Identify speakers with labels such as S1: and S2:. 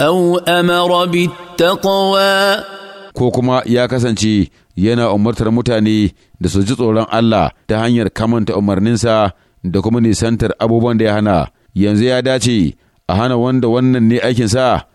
S1: أو أمر بالتقوى ko kuma ya kasance yana umartar mutane da su ji tsoron Allah ta hanyar kamanta umarninsa da kuma nisantar abubuwan da ya hana yanzu ya dace a hana wanda wannan ne aikinsa